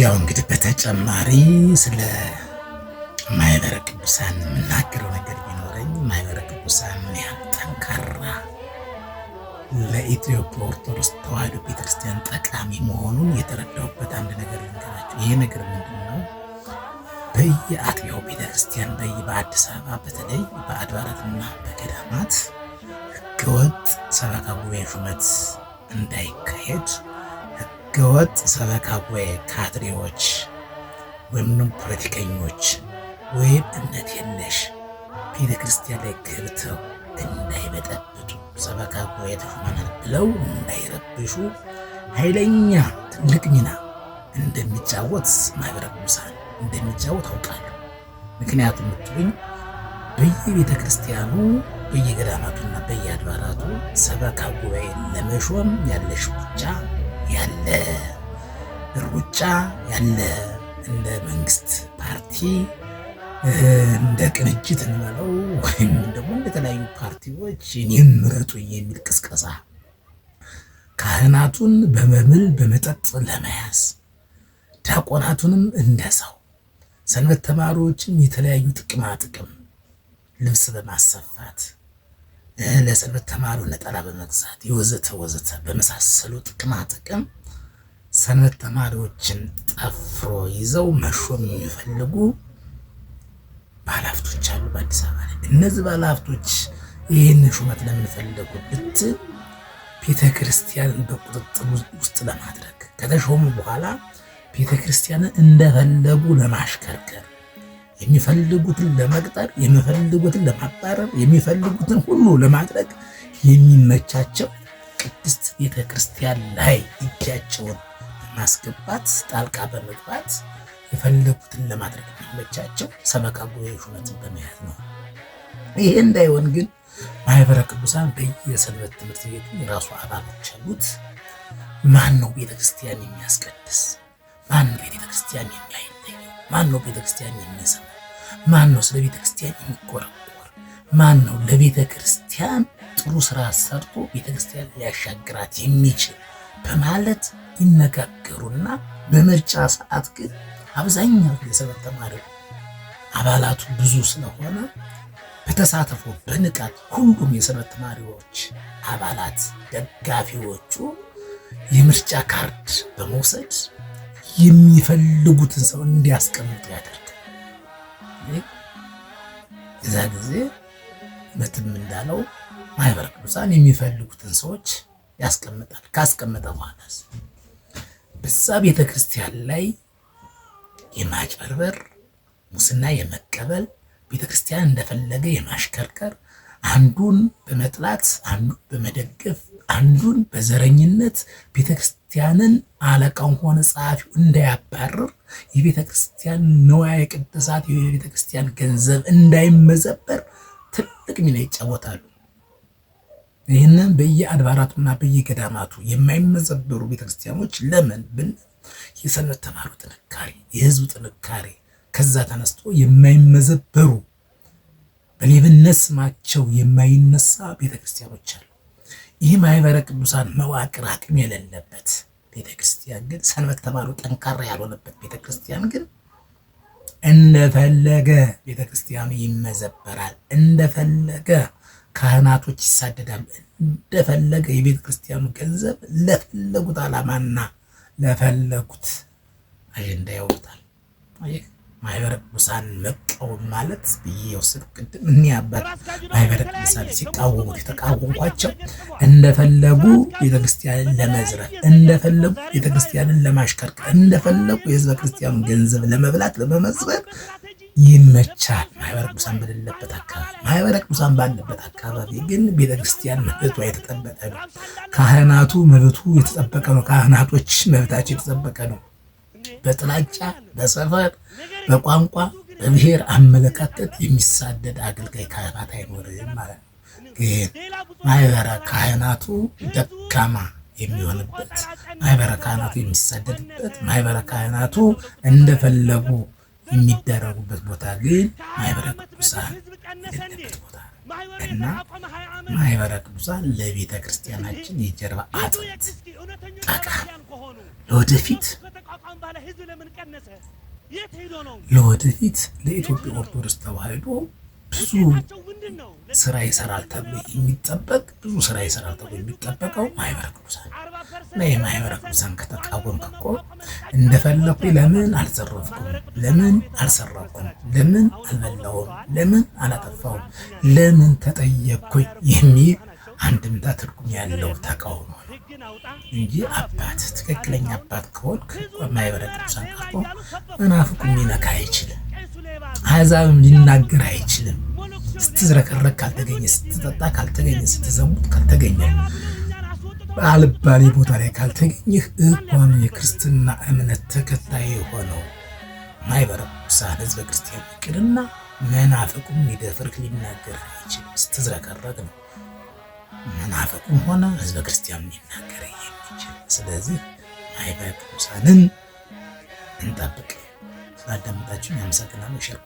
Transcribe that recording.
ያው እንግዲህ በተጨማሪ ስለ ማህበረ ቅዱሳን የምናገረው ነገር ቢኖረኝ ማህበረ ቅዱሳን ምን ያህል ጠንካራ ለኢትዮጵያ ኦርቶዶክስ ተዋሕዶ ቤተክርስቲያን ጠቃሚ መሆኑን የተረዳሁበት አንድ ነገር ልንገራቸው። ይሄ ነገር ምንድን ነው? በየአጥቢያው ቤተክርስቲያን በየ በአዲስ አበባ በተለይ በአድባራትና በገዳማት ህገወጥ ሰበካ ጉባኤ ሹመት እንዳይካሄድ ህገወጥ ሰበካ ቦይ ካድሬዎች ወይም ፖለቲከኞች ወይም እምነት የለሽ ቤተ ክርስቲያን ላይ ገብተው እንዳይበጠብጡ ሰበካ ቦይ ተሾመናል ብለው እንዳይረብሹ ኃይለኛ ትልቅ ሚና እንደሚጫወት ማህበረ ቅዱሳን እንደሚጫወት አውቃለሁ። ምክንያቱም ምትሉኝ በየቤተ ክርስቲያኑ በየገዳማቱና በየአድባራቱ ሰበካ ጉባኤ ለመሾም ያለሽ ብቻ ያለ ሩጫ ያለ እንደ መንግስት ፓርቲ እንደ ቅንጅት እንበለው ወይም ደግሞ እንደተለያዩ ፓርቲዎች እኔም ምረጡኝ የሚል ቅስቀሳ ካህናቱን በመብል በመጠጥ ለመያዝ ዲያቆናቱንም እንደዛው ሰንበት ተማሪዎችን የተለያዩ ጥቅማ ጥቅም ልብስ በማሰፋት ለሰንበት ተማሪው ነጠላ በመግዛት የወዘተ ወዘተ በመሳሰሉ ጥቅማ ጥቅም ሰንበት ተማሪዎችን ጠፍሮ ይዘው መሾም የሚፈልጉ ባለሀብቶች አሉ በአዲስ አበባ ላይ። እነዚህ ባለሀብቶች ይህን ሹመት ለምንፈለጉ ብት ቤተ ክርስቲያንን በቁጥጥር ውስጥ ለማድረግ ከተሾሙ በኋላ ቤተ ክርስቲያንን እንደፈለጉ ለማሽከርከር የሚፈልጉትን ለመቅጠር፣ የሚፈልጉትን ለማባረር፣ የሚፈልጉትን ሁሉ ለማድረግ የሚመቻቸው ቅድስት ቤተ ክርስቲያን ላይ እጃቸውን ማስገባት ጣልቃ በመግባት የፈለጉትን ለማድረግ ቢመቻቸው ሰበካ ጉባኤ ሹመትን በመያዝ ነው። ይሄ እንዳይሆን ግን ማህበረ ቅዱሳን በየሰንበት ትምህርት ቤቱ የራሱ አባሎች አሉት። ማን ነው ቤተክርስቲያን የሚያስቀድስ? ማን ነው ቤተክርስቲያን የሚያይተኝ? ማን ነው ቤተክርስቲያን የሚሰማ? ማን ነው ስለ ቤተክርስቲያን የሚቆረቆር? ማን ነው ለቤተክርስቲያን ጥሩ ስራ ሰርቶ ቤተክርስቲያን ሊያሻግራት የሚችል በማለት ይነጋል። ነበሩና በምርጫ ሰዓት ግን አብዛኛው የሰንበት ተማሪ አባላቱ ብዙ ስለሆነ በተሳተፎ በንቃት ሁሉም የሰንበት ተማሪዎች አባላት ደጋፊዎቹ የምርጫ ካርድ በመውሰድ የሚፈልጉትን ሰው እንዲያስቀምጡ ያደርጋል። እዛ ጊዜ መትም እንዳለው ማህበረ ቅዱሳን የሚፈልጉትን ሰዎች ያስቀምጣል። ካስቀመጠ በኋላ በዛ ቤተ ክርስቲያን ላይ የማጭበርበር ሙስና የመቀበል ቤተ ክርስቲያን እንደፈለገ የማሽከርከር አንዱን በመጥላት አንዱን በመደገፍ አንዱን በዘረኝነት ቤተ ክርስቲያንን አለቃው ሆነ ጸሐፊው እንዳያባርር የቤተ ክርስቲያን ንዋየ ቅድሳት የቤተ ክርስቲያን ገንዘብ እንዳይመዘበር ትልቅ ሚና ይጫወታሉ። ይህንን በየአድባራቱና በየገዳማቱ የማይመዘበሩ ቤተክርስቲያኖች ለምን ብን የሰንበት ተማሪ ጥንካሬ፣ የህዝቡ ጥንካሬ ከዛ ተነስቶ የማይመዘበሩ በሌብነት ስማቸው የማይነሳ ቤተክርስቲያኖች አሉ። ይህ ማህበረ ቅዱሳን መዋቅር አቅም የሌለበት ቤተክርስቲያን ግን ሰንበት ተማሪ ጠንካራ ያልሆነበት ቤተክርስቲያን ግን እንደፈለገ ቤተክርስቲያኑ ይመዘበራል እንደፈለገ ካህናቶች ይሳደዳሉ። እንደፈለገ የቤተ ክርስቲያኑ ገንዘብ ለፈለጉት ዓላማና ለፈለጉት አጀንዳ ያውሉታል። ማህበረ ቅዱሳን መቃወም ማለት ብዬ የወሰድ ቅድም እኒ አባት ማህበረ ቅዱሳን ሲቃወሙት የተቃወምኳቸው እንደፈለጉ ቤተክርስቲያንን ለመዝረፍ እንደፈለጉ ቤተክርስቲያንን ለማሽከርከር እንደፈለጉ የህዝበ ክርስቲያኑ ገንዘብ ለመብላት ለመመዝረፍ ይመቻል። ማህበረ ቅዱሳን በሌለበት አካባቢ፣ ማህበረ ቅዱሳን ባለበት አካባቢ ግን ቤተክርስቲያን መብቷ የተጠበቀ ነው። ካህናቱ መብቱ የተጠበቀ ነው። ካህናቶች መብታቸው የተጠበቀ ነው። በጥላቻ በሰፈር በቋንቋ በብሔር አመለካከት የሚሳደድ አገልጋይ ካህናት አይኖርም ማለት ነው። ግን ማህበረ ካህናቱ ደካማ የሚሆንበት ማህበረ ካህናቱ የሚሳደድበት ማህበረ ካህናቱ እንደፈለጉ የሚደረጉበት ቦታ ግን ማህበረ ቅዱሳን የሌለበት ቦታ እና ማህበረ ቅዱሳን ለቤተ ክርስቲያናችን የጀርባ አጥንት ጠቃ ለወደፊት ለወደፊት ለኢትዮጵያ ኦርቶዶክስ ተዋሕዶ ብዙ ስራ ይሰራል ተብሎ የሚጠበቅ ብዙ ስራ ይሰራል ተብሎ የሚጠበቀው ማህበረ ቅዱሳን በየማህበረ ቅዱሳን ከተቃወምክ እኮ እንደፈለኩ ለምን አልዘረፍኩም፣ ለምን አልሰረኩም፣ ለምን አልበላሁም፣ ለምን አላጠፋሁም፣ ለምን ተጠየቅኩኝ የሚል አንድምታ ትርጉም ያለው ተቃውሞ ነው እንጂ አባት ትክክለኛ አባት ከሆንክ ማህበረ ቅዱሳን ቀርቶ መናፍቁ ሊነካ አይችልም። አሕዛብም ሊናገር አይችልም። ስትዝረከረክ ካልተገኘ፣ ስትጠጣ ካልተገኘ፣ ስትዘሙት ካልተገኘ አልባሌ ቦታ ላይ ካልተገኘህ እንኳን የክርስትና እምነት ተከታይ የሆነው ማይበረ ቅዱሳን ህዝበ ክርስቲያን ይቅርና መናፍቁም ሊደፍርህ ሊናገር አይችል ስትዝረከረግ ነው። መናፍቁም ሆነ ህዝበ ክርስቲያን ሊናገር የሚችል ስለዚህ ማይበረ ቅዱሳንን እንጠብቅ። ስላዳመጣችሁን ያመሰግናለሁ።